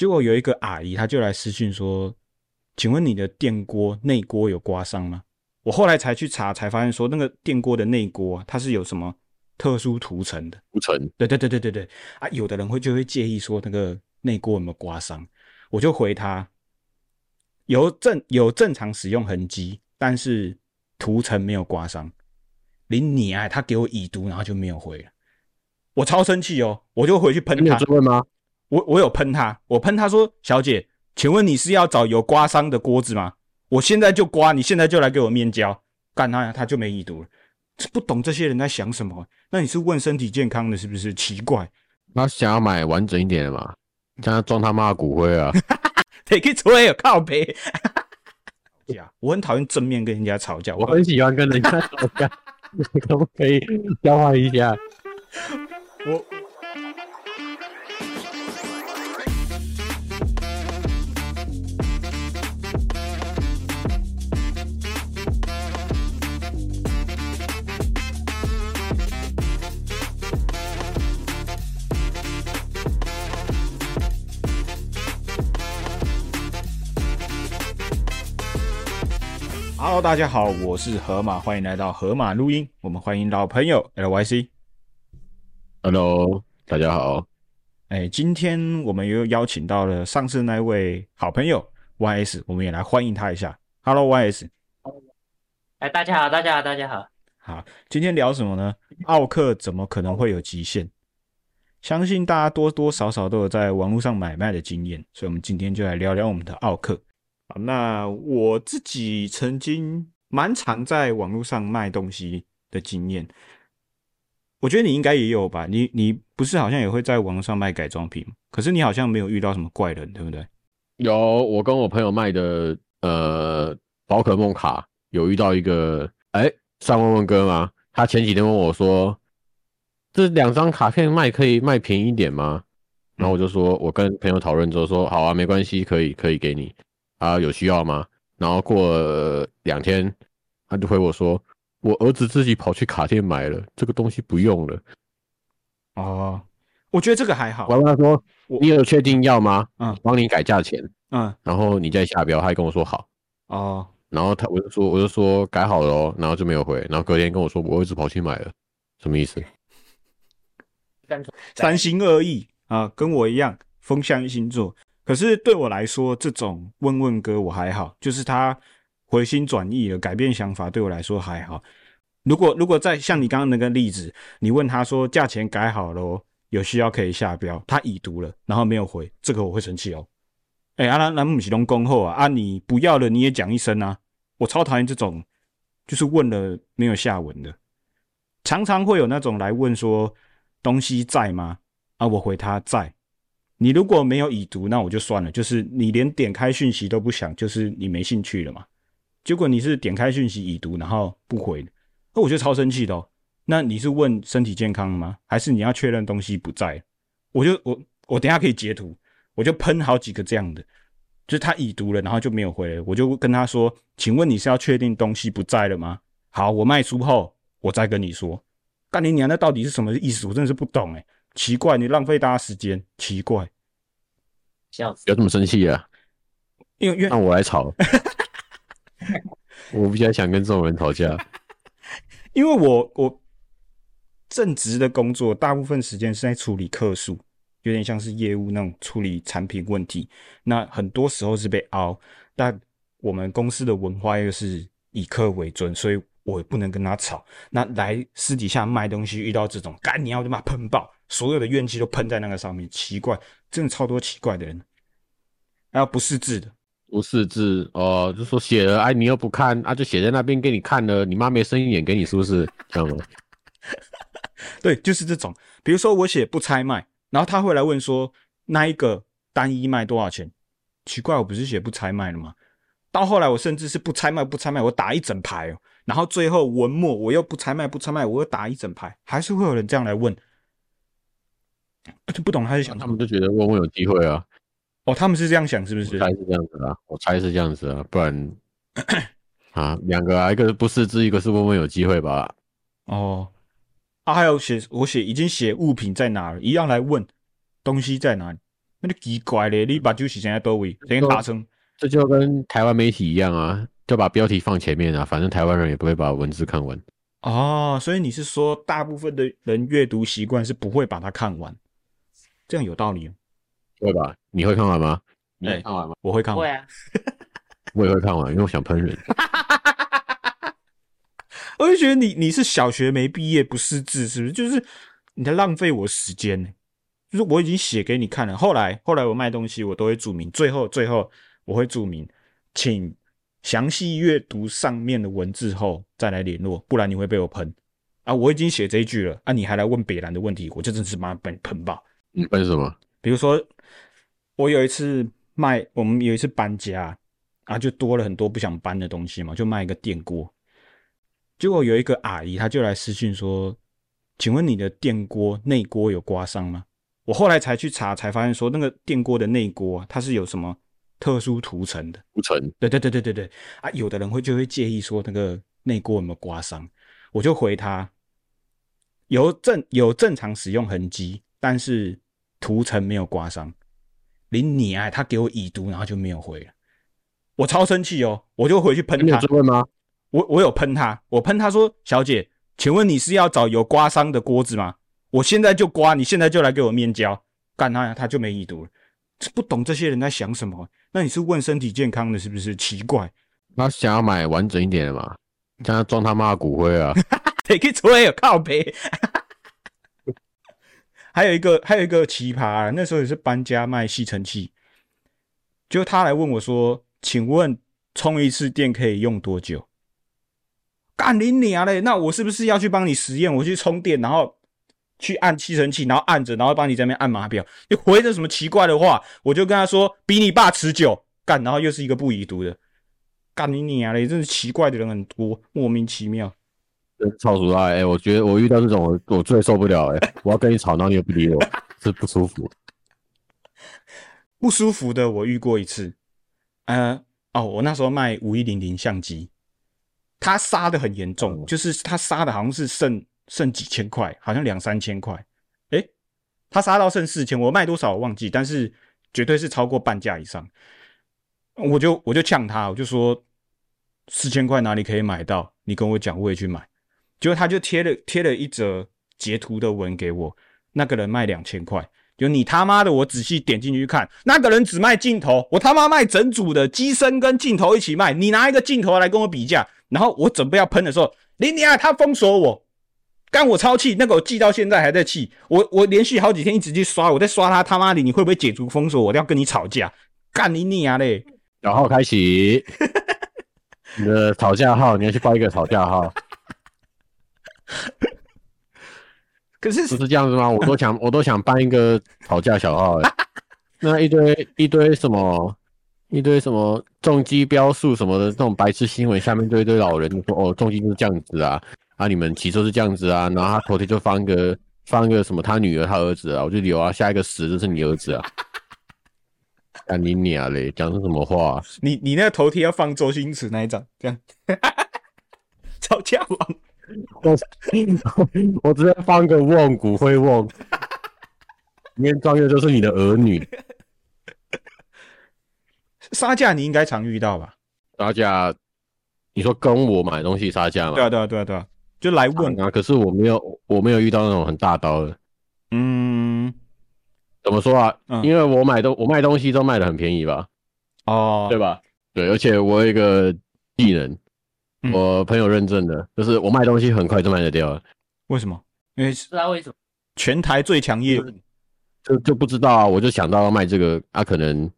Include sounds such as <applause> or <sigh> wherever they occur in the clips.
結果有一個阿姨，她就來私訊說：“請問你的電鍋內鍋有刮傷嗎？”我後來才去查，才發現說那個電鍋的內鍋，它是有什麼特殊塗層的塗層。層對對對對對對啊！有的人會就會介意說那個內鍋有沒有刮傷。我就回他有正有正常使用痕跡，但是塗層沒有刮傷。你你哎，他給我已讀，然後就沒有回了。我超生氣哦我就回去噴他。你有追問嗎？我我有噴他，我噴他說：“小姐，請問你是要找有刮傷的鍋子嗎？我現在就刮，你現在就來給我面交，幹他呀！他就沒已讀了，不懂這些人在想什麼啊。那你是問身體健康的是不是？奇怪，那想要買完整一點的嘛？要他裝他媽的骨灰啊！得 <laughs> 去有靠北。對啊，我很討厭正面跟人家吵架，我很，我很喜歡跟人家吵架，可不 <laughs> 可以交換一下？我。”大家好，我是河馬，歡迎來到河馬錄音。我們歡迎老朋友 LYC。Hello，大家好。哎、欸，今天我們又邀請到了上次那位好朋友 YS，我們也來歡迎他一下。Hello，YS。哎、欸，大家好，大家好，大家好。好，今天聊什麼呢？奧客怎麼可能會有極限？相信大家多多少少都有在網路上買賣的經驗，所以我們今天就來聊聊我們的奧客。那我自己曾經蠻常在網絡上賣東西的經驗，我覺得你應該也有吧？你你不是好像也會在網絡上賣改裝品嗎？可是你好像沒有遇到什麼怪人，對不對？有，我跟我朋友賣的呃寶可夢卡，有遇到一個哎上萬問哥嗎？他前幾天問我說，這兩張卡片賣可以賣便宜點嗎？然後我就說，我跟朋友討論之後說好啊，沒關係，可以可以給你。啊，有需要嗎？然後過兩天，他就回我說：“我兒子自己跑去卡店買了這個東西，不用了。”哦，我覺得這個還好。我問他說：“我你有確定要嗎？”嗯，幫你改價錢。嗯，然後你再下標，他還跟我說：“好。嗯”哦，然後他我就說：“我就說改好了。”哦，然後就沒有回。然後隔天跟我說：“我兒子跑去買了。”什麼意思？三心二意啊，跟我一樣，風向一星座。可是對我來說，這種問問哥我還好，就是他回心轉意了，改變想法，對我來說還好。如果如果在像你剛剛那個例子，你問他說價錢改好了，有需要可以下標，他已讀了，然後沒有回，這個我會生氣哦。哎、欸，阿蘭蘭姆西龍恭候啊！啊，你不要了，你也講一聲啊！我超討厭這種，就是問了沒有下文的，常常會有那種來問說東西在嗎？啊，我回他在。你如果沒有已讀，那我就算了。就是你連點開訊息都不想，就是你沒興趣了嘛。結果你是點開訊息已讀，然後不回了，那、哦、我就超生氣的哦。那你是問身體健康了嗎？還是你要確認東西不在？我就我我等下可以截圖，我就噴好幾個這樣的。就是他已讀了，然後就沒有回了，我就跟他說：“請問你是要確定東西不在了嗎？”好，我賣出後我再跟你說。幹你娘，那到底是什麼意思？我真的是不懂哎、欸。奇怪，你浪費大家時間，奇怪，笑死，有這麼生氣呀？因為因為讓我來吵， <laughs> 我不想想跟這種人吵架， <laughs> 因為我我正職的工作大部分時間是在處理客訴，有點像是業務那種處理產品問題，那很多時候是被凹，但我們公司的文化又是以客為尊，所以我也不能跟他吵。那來私底下賣東西遇到這種乾，你要就把他噴爆。所有的怨氣都噴在那個上面，奇怪，真的超多奇怪的人。還有不識字的，不識字哦，就說寫了哎、啊，你又不看啊，就寫在那邊給你看了，你媽沒生一眼給你，是不是？ <laughs> 對，就是這種。比如說我寫不拆賣，然後他會來問說那一個單一賣多少錢？奇怪，我不是寫不拆賣了嗎？到後來我甚至是不拆賣不拆賣，我打一整排，然後最後文末我又不拆賣不拆賣，我又打一整排，還是會有人這樣來問。啊、就不懂他在想，啊，他們就覺得問問有機會啊。哦，他們是這樣想是不是？猜是這樣子啊，我猜是這樣子啊，不然咳咳啊，兩個啊，一個是不識字，一個是問問有機會吧。哦，啊，還有寫我寫已經寫物品在哪，一樣來問東西在哪裡，那就奇怪了，你把就寫現在多維，等下打成，這就跟台灣媒體一樣啊，就把標題放前面啊，反正台灣人也不會把文字看完。哦，所以你是說大部分的人閱讀習慣是不會把它看完？這樣有道理、哦，對吧？你會看完嗎？欸、你會看完嗎？我會看完，啊、我也會看完，因為我想噴人。 <laughs> <laughs> 我就覺得你你是小學沒畢業不識字是不是？就是你在浪費我時間呢。就是我已經寫給你看了，後來後來我賣東西我都會註明，最後最後我會註明，請詳細閱讀上面的文字後再來聯絡，不然你會被我噴。啊，我已經寫這一句了，啊，你還來問北蘭的問題，我就真是媽被噴爆。為什麼？比如說，我有一次賣，我們有一次搬家啊，就多了很多不想搬的東西嘛，就賣一個電鍋。結果有一個阿姨，她就來私訊說：“請問你的電鍋內鍋有刮傷嗎？”我後來才去查，才發現說那個電鍋的內鍋它是有什麼特殊塗層的。塗層？對對對對對對。啊，有的人會就會介意說那個內鍋有沒有刮傷，我就回她：「有正有正常使用痕跡。」但是塗層沒有刮傷，連你啊，他給我已讀，然後就沒有回了，我超生氣哦，我就回去噴他。你有問嗎？我我有噴他，我噴他說：“小姐，請問你是要找有刮傷的鍋子嗎？我現在就刮，你現在就來給我面交，幹他呀！他就沒已讀了，不懂這些人在想什麼？那你是問身體健康的是不是？奇怪，他想要買完整一點的嘛？他裝他媽的骨灰啊！得 <laughs> 去有靠背。 <laughs> ”還有一個，還有一個奇葩啊，那時候也是搬家賣吸塵器，就他來問我說：“請問充一次電可以用多久？”幹你娘嘞！那我是不是要去幫你實驗？我去充電，然後去按吸塵器，然後按着，然後幫你在那邊按碼表，你回的什麼奇怪的話？我就跟他說：“比你爸持久。”幹，然後又是一個不宜讀的，幹你娘嘞！真是奇怪的人很多，莫名其妙。超俗愛、欸，我覺得我遇到這種我我最受不了哎、欸，我要跟你吵鬧， <laughs> 你也不理我，是不舒服。不舒服的我遇過一次，呃，哦，我那時候賣五一零零相機，他殺的很嚴重，哦、就是他殺的好像是剩剩幾千塊，好像兩三千塊，哎、欸，他殺到剩四千，我賣多少我忘記，但是絕對是超過半價以上，我就我就嗆他，我就說四千塊哪裡可以買到？你跟我講，我也去買。結果他就他，就貼了貼了一則截圖的文給我。那個人賣兩千塊，就你他媽的，我仔細點進去看，那個人只賣鏡頭，我他媽賣整組的機身跟鏡頭一起賣。你拿一個鏡頭來跟我比價。然後我準備要噴的時候，你你啊，他封鎖我，幹我超氣，那個我記到現在還在氣。我我連續好幾天一直去刷，我在刷他他媽的，你會不會解除封鎖？我都要跟你吵架，幹你娘嘞！小號開啟 <laughs> 你的吵架號，你要去發一個吵架號。 <laughs> <laughs> 可是，只是這樣子嗎？我都想，我都想辦一個吵架小號。 <laughs> 那一堆一堆什麼，一堆什麼重機標數什麼的這種白痴新聞，下面一堆老人就說：“哦，重機就是這樣子啊，啊，你們騎車是這樣子啊。”然後他頭貼就放個，放個什麼他女兒他兒子啊，我就留啊，下一個死就是你兒子啊。幹你娘嘞，講的什麼話？你你那個頭貼要放周星馳那一張，這樣 <laughs> 吵架王。我 <laughs> 我直接放個甕，骨灰甕，裡面裝的就是你的兒女。殺價你應該常遇到吧？殺價，你說跟我買東西殺價嗎？對啊，對啊，對啊，對啊，就來問啊。可是我沒有，我沒有遇到那種很大刀的。嗯，怎麼說啊？嗯、因為我買的，我賣東西都賣的很便宜吧？哦，對吧？對，而且我有一個技能。我朋友認證的，就是我賣東西很快就賣得掉了。為什麼？因為不知道為什麼，全台最強業務，就就不知道啊。我就想到要賣這個啊，可能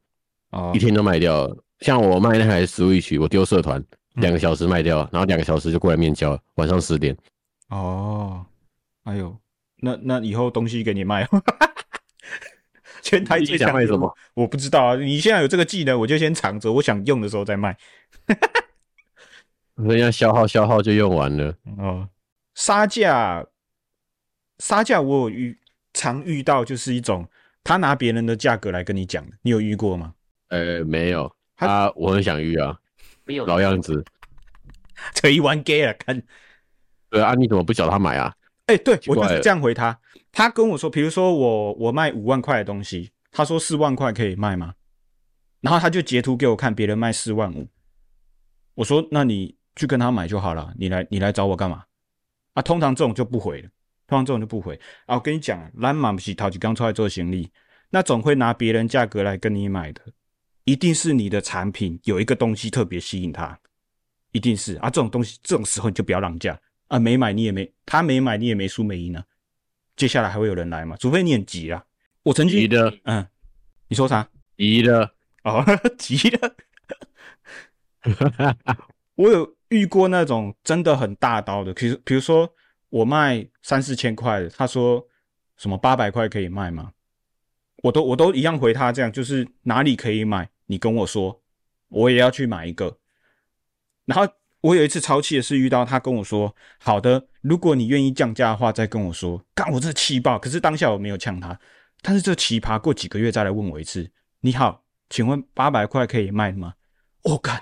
一天都賣掉了。哦、像我賣那台 Switch，我丟社團兩個小時賣掉，嗯、然後兩個小時就過來面交，晚上十點。哦，哎呦，那那以後東西給你賣，哈哈。全台最強業務，賣什麼我不知道啊。你現在有這個技能，我就先藏着，我想用的時候再賣。哈哈。人家消耗消耗就用完了。哦，殺價，殺價我有遇，常遇到就是一種，他拿別人的價格來跟你講，你有遇過嗎？呃、欸，沒有。他、啊、我很想遇啊，沒有。老樣子，這一萬給了看。對啊，你怎麼不找他買啊？哎、欸，對我就是這樣回他。他跟我說，比如說我我賣五萬塊的東西，他說四萬塊可以賣嗎？然後他就截圖給我看別人賣四萬五，我說那你。去跟他買就好了。你來，你來找我幹嘛？啊，通常這種就不回了。通常這種就不回。啊，我跟你講，藍馬不是陶吉剛出來做行李，那總會拿別人價格來跟你買的。一定是你的產品有一個東西特別吸引他，一定是啊。這種東西，這種時候你就不要讓價啊。沒買你也沒，他沒買你也沒輸沒贏啊。接下來還會有人來嗎？除非你很急啦。我曾經急的，了嗯，你說啥？急的了，啊、哦，急的，哈哈哈哈，我有。遇過那種真的很大刀的，其實比如說我賣三四千塊的，他說什麼八百塊可以賣嗎？我都我都一樣回他這樣，就是哪裡可以買，你跟我說，我也要去買一個。然後我有一次超氣的是遇到他跟我說，好的，如果你願意降價的話，再跟我說。幹，我這氣爆！可是當下我沒有嗆他，但是這奇葩過幾個月再來問我一次，你好，請問八百塊可以賣嗎？我幹！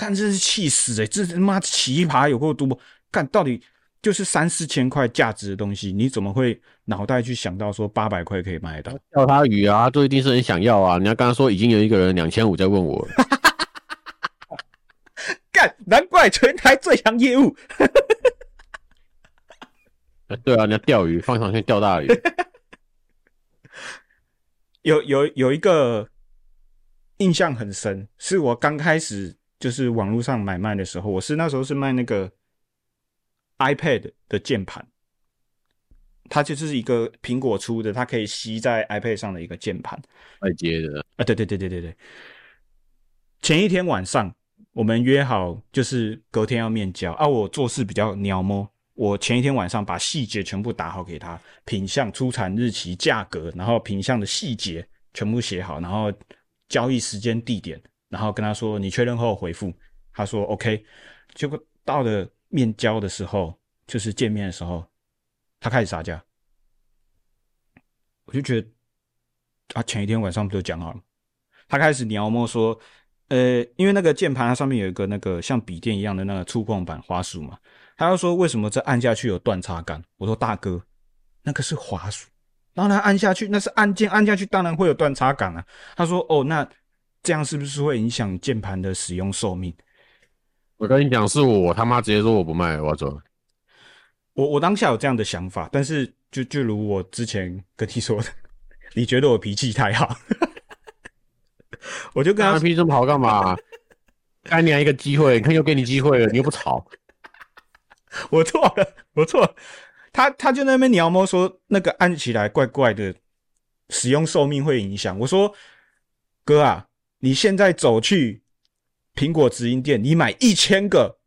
但真是氣死哎、欸！這他媽奇葩，有夠多！幹到底就是三四千塊價值的東西，你怎麼會腦袋去想到說八百塊可以買到釣他魚啊？都一定是很想要啊！你要剛剛說已經有一個人兩千五在問我了，幹 <laughs> 難怪全台最強業務 <laughs> 、欸。對啊，你要釣魚放長線釣大魚。 <laughs> 有有有一個印象很深，是我剛開始。就是網絡上買賣的時候，我是那時候是賣那個 iPad 的鍵盤，它就是一個蘋果出的，它可以吸在 iPad 上的一個鍵盤，外接的啊，對對對對對對。前一天晚上我們約好，就是隔天要面交啊。我做事比較鳥摸，我前一天晚上把細節全部打好給他，品相、出產日期、價格，然後品相的細節全部寫好，然後交易時間、地點。然後跟他說你確認後回覆，他說 OK，結果到了面交的時候，就是見面的時候，他開始殺價，我就覺得啊，前一天晚上不就講好了？他開始描摸說，呃，因為那個鍵盤它上面有一個那個像筆電一樣的那個觸控板滑鼠嘛，他就說為什麼這按下去有斷差感？我說大哥，那個是滑鼠，然後他按下去那是按鍵，按下去當然會有斷差感啊。他說哦那。這樣是不是會影響鍵盤的使用壽命？我跟你講，是我他媽直接說我不賣，我要走了。我我當下有這樣的想法，但是就就如我之前跟你說的，你覺得我脾氣太好？ <laughs> <laughs> 我就跟他脾氣這麼好幹嘛？給 <laughs> 你倆一個機會，你看又給你機會了，你又不吵。 <laughs> 我錯了，我錯了。他他就那邊要貓說那個按起來怪怪的，使用壽命會影響。我說哥啊。你現在走去蘋果直營店，你買一千個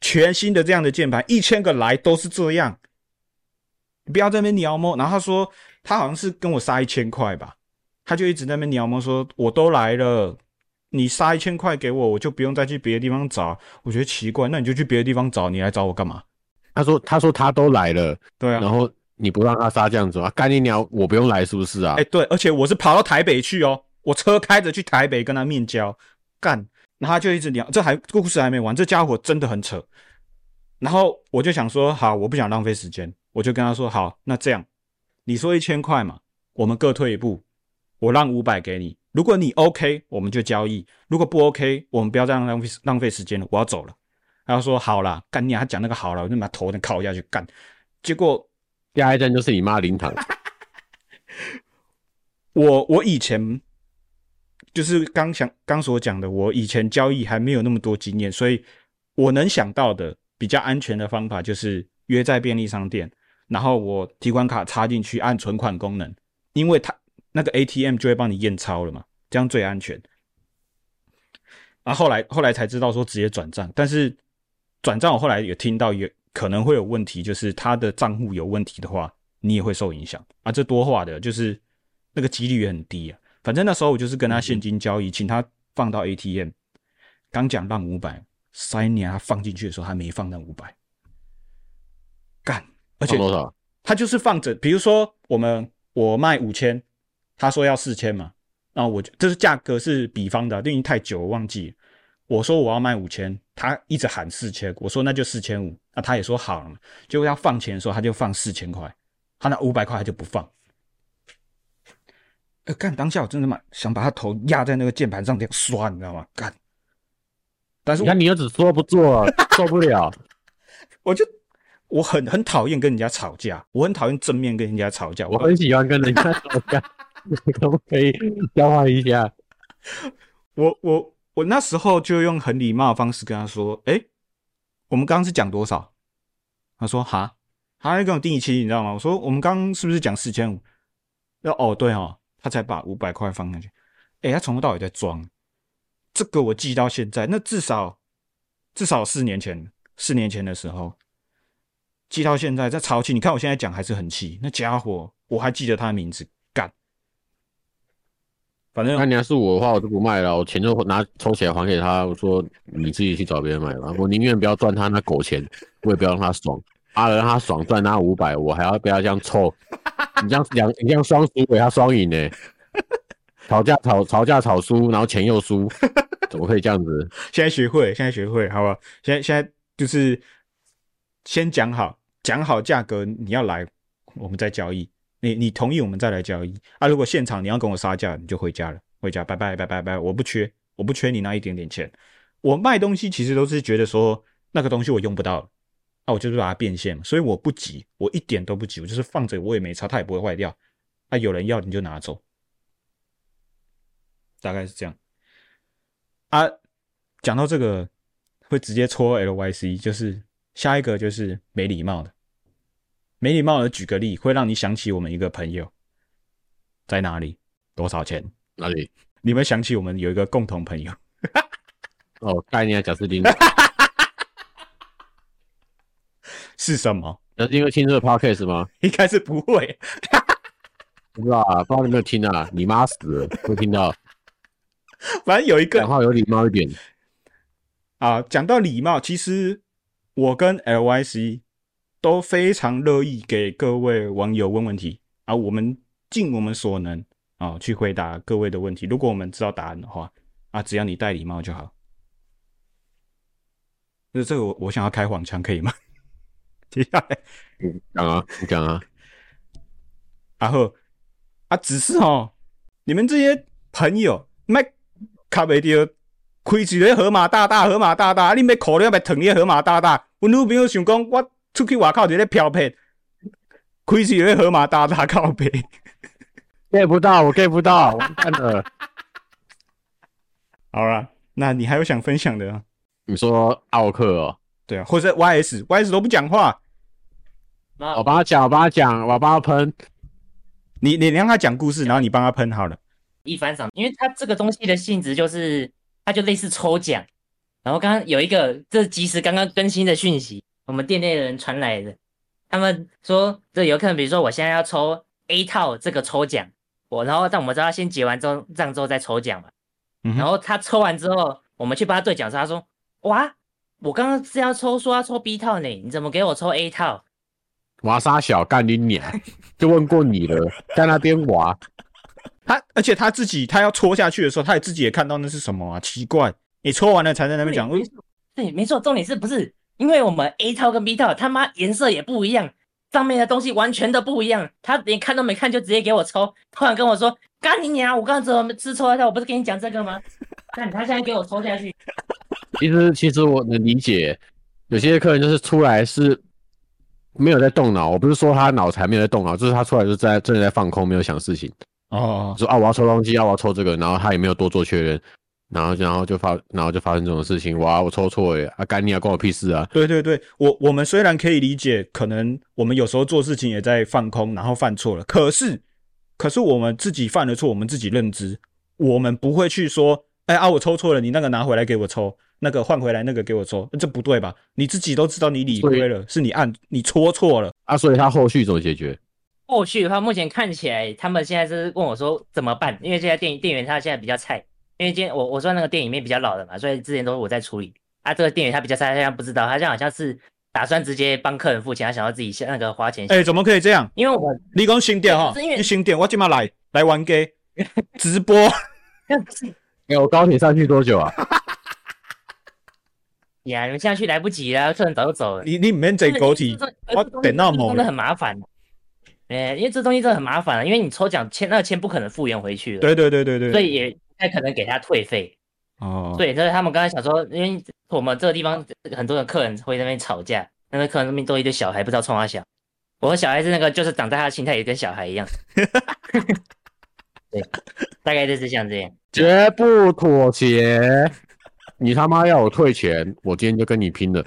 全新的這樣的鍵盤，一千個來都是這樣。你不要在那邊鳥摸。然後他說他好像是跟我殺一千塊吧，他就一直在那邊鳥摸說我都來了，你殺一千塊給我，我就不用再去別的地方找。我覺得奇怪，那你就去別的地方找，你來找我幹嘛？他說他說他都來了，對啊。然後你不讓阿莎這樣子啊？幹你鳥，我不用來是不是啊？哎、欸、對，而且我是跑到台北去哦。我車開着去台北跟他面交，幹，然後他就一直聊，這還故事還沒完，這家伙真的很扯。然後我就想說，好，我不想浪費時間，我就跟他說，好，那這樣，你說一千塊嘛，我們各退一步，我讓五百給你，如果你 OK，我們就交易；如果不 OK，我們不要這樣浪費浪費時間了，我要走了。他說好啦，幹你啊！他講那個好了，我就把頭那靠下去幹。結果第二站就是你媽的靈堂。 <laughs> 我我以前。就是剛想剛所講的，我以前交易還沒有那麼多經驗，所以我能想到的比較安全的方法就是約在便利商店，然後我提款卡插進去按存款功能，因為他那個 ATM 就會幫你驗鈔了嘛，這樣最安全。啊，後來後來才知道說直接轉賬，但是轉賬我後來也聽到有可能會有問題，就是他的賬戶有問題的話，你也會受影響啊。這多話的，就是那個幾率也很低啊。反正那時候我就是跟他現金交易，嗯，請他放到 ATM。剛講放五百，三年他放進去的時候，他沒放那五百，幹，而且他就是放着。好好比如說我們我賣五千，他說要四千嘛，那我就這是價格是比方的，定你太久我忘記，我說我要賣五千，他一直喊四千，我說那就四千五，那他也說好了。結果要放錢的時候，他就放四千塊，他那五百塊他就不放。看、欸、當下，我真的蠻想把他頭壓在那個鍵盤上，這樣刷，你知道嗎？幹！但是我你看，你又只說不做，做不了。 <laughs> 我就我很很討厭跟人家吵架，我很討厭正面跟人家吵架，我，我很喜歡跟人家吵架。可不可以交換一下？我我我那時候就用很禮貌的方式跟他說：“誒、欸，我們剛剛是講多少？”他說：“哈，他跟我定一期，你知道嗎？”我說：“我們剛是不是講四千五？”要哦，對哦。他才把五百塊放下去，欸，他從頭到尾在裝，這個我記到現在。那至少至少四年前，四年前的時候記到現在，在潮期，你看我現在講還是很氣，那家伙我還記得他的名字幹。反正看、啊、你要是我的話，我就不賣了，我錢就拿抽起來還給他，我說你自己去找別人買吧。對我寧願不要賺他那狗錢，我也不要讓他爽。阿、啊、讓他爽賺他五百，我還要被他這樣抽。 <laughs> 你這樣兩你這樣雙輸，欸，他雙贏呢？吵架吵吵架吵輸，然後錢又輸，怎麼可以這樣子？ <laughs> 現在學會，現在學會，好不好？現在現在就是先講好，講好價格，你要來，我們再交易。你你同意，我們再來交易啊！如果現場你要跟我殺價，你就回家了，回家，拜拜拜拜，拜拜！我不缺，我不缺你那一點點錢。我賣東西其實都是覺得說那個東西我用不到了那、啊、我就是把它變現，所以我不急，我一點都不急，我就是放着，我也沒差，它也不會壞掉。啊，有人要你就拿走，大概是這樣。啊，講到這個會直接戳 LYC，就是下一個就是沒禮貌的，沒禮貌的。舉個例，會讓你想起我們一個朋友在哪裡，多少錢？哪裡？你們想起我們有一個共同朋友？哦、 <laughs> 喔，概念啊，賈斯 <laughs> 是什麼？那是因為聽這個 podcast 嗎？應該是不會，不知道啊，不知道有沒有聽啊。 <laughs> 你媽死了，會聽到。反正有一個講話有禮貌一點啊。講到禮貌，其實我跟 LYC 都非常樂意給各位網友問問題啊。我們盡我們所能啊，去回答各位的問題。如果我們知道答案的話啊，只要你帶禮貌就好。那這個我我想要開黃腔，可以嗎？接下來，你講 <laughs> 啊，你講啊，然後 <laughs> 啊，啊只是吼，你們這些朋友，買拍袂到，開一個河馬大，大大，河馬大大，大，你買苦料買糖，你河馬大大，我女朋友想講，我出去外口就咧漂撇，開起一河馬大大靠北，get <laughs> 不到，我 get 不到， <laughs> 我看了， <laughs> 好了，那你還有想分享的？你說奧客、喔。哦。對啊，或者是 Y S Y S 都不講話，我幫他講，我幫他講，我幫他噴。你你讓他講故事，然後你幫他噴好了。一番賞，因為他這個東西的性質就是，它就類似抽獎。然後剛剛有一個，這即時剛剛更新的訊息，我們店內的人傳來的，他們說這有客人，比如說我現在要抽 A 套這個抽獎，我然後但我們知道先結完賬賬之後再抽獎嘛。嗯、哼然後他抽完之後，我們去幫他兌獎，他說哇。我剛剛是要抽說要抽 B 套呢，你怎麼給我抽 A 套？娃沙小幹你娘，就問過你了，在那邊玩。他而且他自己他要戳下去的時候，他也自己也看到那是什麼啊奇怪，你戳完了才在那邊講。對，嗯、對，沒錯，重點是不是因為我們 A 套跟 B 套他媽顏色也不一樣，上面的東西完全都不一樣。他連看都沒看就直接給我抽，突然跟我說幹你娘，我剛剛怎麼是抽 A 我不是跟你講這個嗎？但他現在給我抽下去。 <laughs> 其實，其實我能理解，有些客人就是出來是沒有在動腦。我不是說他腦殘沒有在動腦，就是他出來就正在正在放空，沒有想事情。哦，說啊，我要抽東西、啊，我要抽這個，然後他也沒有多做確認，然後，然後就發，然後就發生這種事情。哇，我抽錯了啊！幹你啊，關我屁事啊！對對對，我我們雖然可以理解，可能我們有時候做事情也在放空，然後犯錯了。可是，可是我們自己犯的錯，我們自己認知，我們不會去說，哎啊，我抽錯了，你那個拿回來給我抽。那個換回來，那個給我搓，這不對吧？你自己都知道你理虧了，以是你按你搓錯了啊！所以他後續怎麼解決？後續的話，目前看起來，他們現在是問我說怎麼辦？因為現在店店員他現在比較菜，因為今天我我知道那個店裡面比較老的嘛，所以之前都是我在處理。啊，這個店員他比較菜，他現在不知道，他現在好像是打算直接幫客人付錢，他想要自己先那個花錢，錢。哎、欸，怎麼可以這樣？因為我們立功新店哈，欸就是、新店，我今晚來來玩給直播，哎有、 <laughs> <laughs> 欸、高鐵上去多久啊？ <laughs> 呀、啊，你們現在去來不及了，客人早就走了。你你沒整國企，我等到某。這、啊、這真的很麻煩、啊。哎，因為這東西真的很麻煩、啊，因為你抽獎簽那個簽不可能復原回去了。對對對對對。所以也不太可能給他退費。哦對。所以就是他們剛才想說，因為我們這個地方很多的客人會在那邊吵架，那個客人在那邊多一堆小孩，不知道沖他。響。我和小孩子那個就是長大的心態也跟小孩一樣。 <laughs> 對。大概就是像這樣。絕不妥協。你他媽要我退錢，我今天就跟你拼了！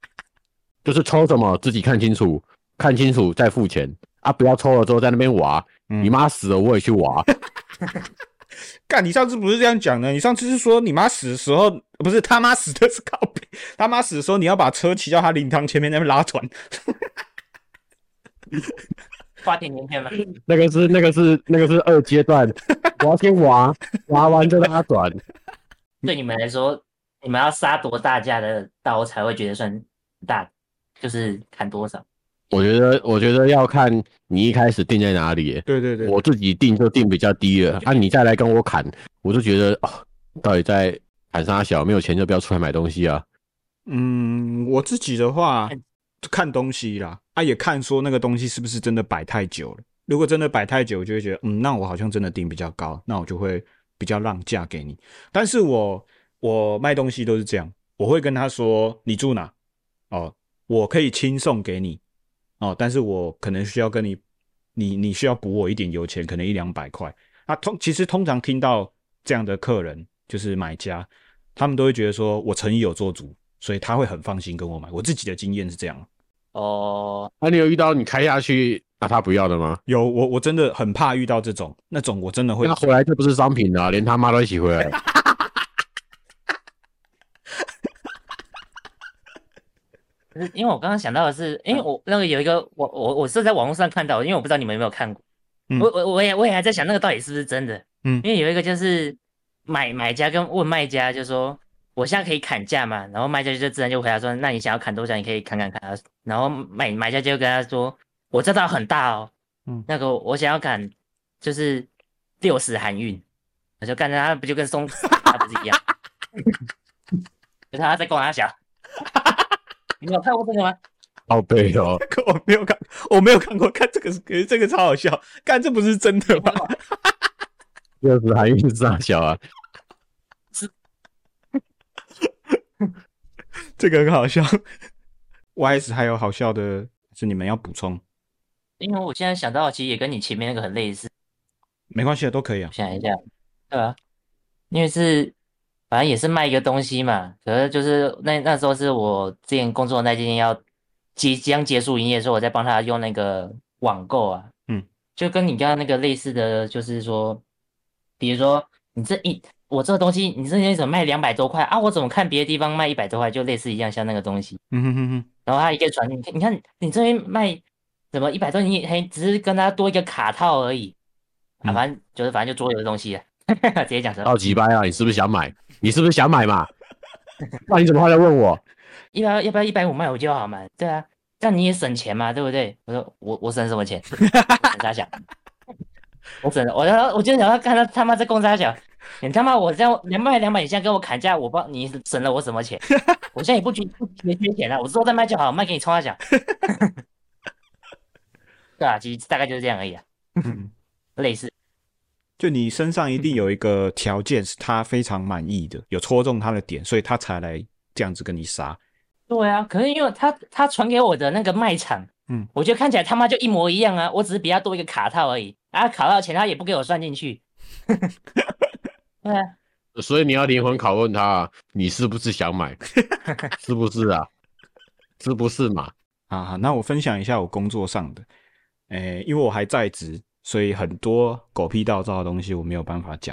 <laughs> 就是抽什麼自己看清楚，看清楚再付錢啊！不要抽了之後在那邊挖，嗯、你媽死了我也去挖！幹， <laughs> 你上次不是這樣講的？你上次是說你媽死的時候，不是他媽死的是靠，他媽死的時候你要把車騎到他靈堂前面那邊拉船，發帖連篇了。那個是那個是那個是二階段，我要先挖，挖 <laughs> 完就拉船。對你們來說，你們要殺多大價的刀才會覺得算大？就是砍多少？我覺得，我覺得要看你一開始定在哪裡耶。對對對，我自己定就定比較低了。就啊，你再來跟我砍，對我就覺得哦，到底在砍殺小，沒有錢就不要出來買東西啊。嗯，我自己的話，看東西啦，啊也看說那個東西是不是真的擺太久了。如果真的擺太久，我就會覺得，嗯，那我好像真的定比較高，那我就會。比較讓價給你，但是我我賣東西都是這樣，我會跟他說你住哪哦，我可以輕送給你哦，但是我可能需要跟你你你需要補我一點油錢，可能一兩百塊。那、啊、通其實通常聽到這樣的客人就是買家，他們都會覺得說我誠意有做足，所以他會很放心跟我買。我自己的經驗是這樣哦、呃。那你有遇到你開下去？那、啊、他不要的嗎？有我，我真的很怕遇到這種，那種我真的會。那回來就不是商品了，連他媽都一起回來了。不是，因為我剛剛想到的是，哎，我那個有一個，我我我是在網絡上看到的，因為我不知道你們有沒有看過，嗯、我我我也我也還在想那個到底是不是真的。嗯，因為有一個就是買買家跟問賣家，就說我現在可以砍價嘛。然後賣家就自然就回答說，那你想要砍多少，你可以砍砍砍。然後買買家就跟他說。我這道很大哦，嗯、那個我想要趕就是六十韓運，我就看他，他不就跟松他不是一樣？ <laughs> 就看他在跟搞哪下？ <laughs> 你沒有看過這個嗎？寶哦喲，對哦 <laughs> 這個我沒有看，我沒有看過，看這個是，這個超好笑，幹這不是真的嗎？ <laughs> <laughs> 六十韓運大小啊， <laughs> 是 <laughs> 這個很好笑。 <laughs> y S 還有好笑的是你們要補充。因為我現在想到，其實也跟你前面那個很類似，沒關係的，都可以啊。想一下，對啊，因為是反正也是賣一個東西嘛，可是就是那那時候是我之前工作的那間要即，即將結束營業的時候，我在幫他用那個網購啊，嗯，就跟你剛剛那個類似的就是說，比如說你這一我這個東西，你這邊怎麼賣兩百多塊啊？我怎麼看別的地方賣一百多塊，就類似一樣，像那個東西，嗯哼哼哼，然後他一個傳，你看你這邊賣。怎麼一百多？你只是跟他多一個卡套而已、啊，嗯、反正就是反正就桌遊的東西， <laughs> 直接講什麼？幾百啊，你是不是想買？你是不是想買嘛？ <laughs> 那你怎麼還來問我？一百要不要一百五賣我就好嘛？對啊，但你也省錢嘛，對不對？我說我我省什麼錢？公三小，我省，我然後我就想要看他他媽在公三小，你他媽，我這樣連賣兩百，你現在跟我砍價，我幫你省了我什麼錢？ <laughs> 我現在也不缺不缺錢了、啊，我直再賣就好，賣給你創三小。 <laughs> 對啊，其實大概就是這樣而已啊，類似， <laughs> 就你身上一定有一個條件是他非常滿意的，有戳中他的點，所以他才來這樣子跟你殺。對啊，可是因為他他傳給我的那個賣場，嗯，我覺得看起來他媽就一模一樣啊，我只是比他多一個卡套而已啊，卡套錢他也不給我算進去。 <laughs> 對啊，所以你要靈魂拷問他，你是不是想買？ <laughs> 是不是啊？是不是嘛？啊，好，好，那我分享一下我工作上的。哎，因為我還在職，所以很多狗屁倒灶的東西我沒有辦法講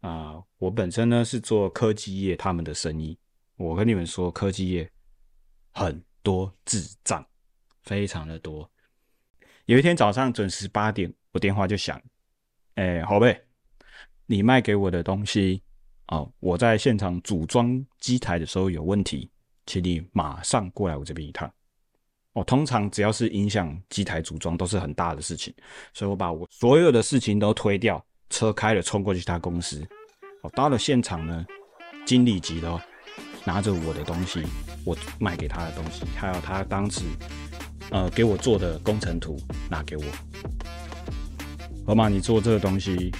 啊、呃。我本身呢是做科技業，他們的生意。我跟你們說，科技業很多智障，非常的多。有一天早上準時八點，我電話就響。哎，寶貝，你賣給我的東西啊、哦，我在現場組裝機台的時候有問題，請你馬上過來我這邊一趟。哦，通常只要是影響機台組裝，都是很大的事情，所以我把我所有的事情都推掉，車開了衝過去他公司。我、哦、到了現場呢，經理級的拿着我的東西，我賣給他的東西，還有他當時呃給我做的工程圖拿給我。河馬，你做這個東西。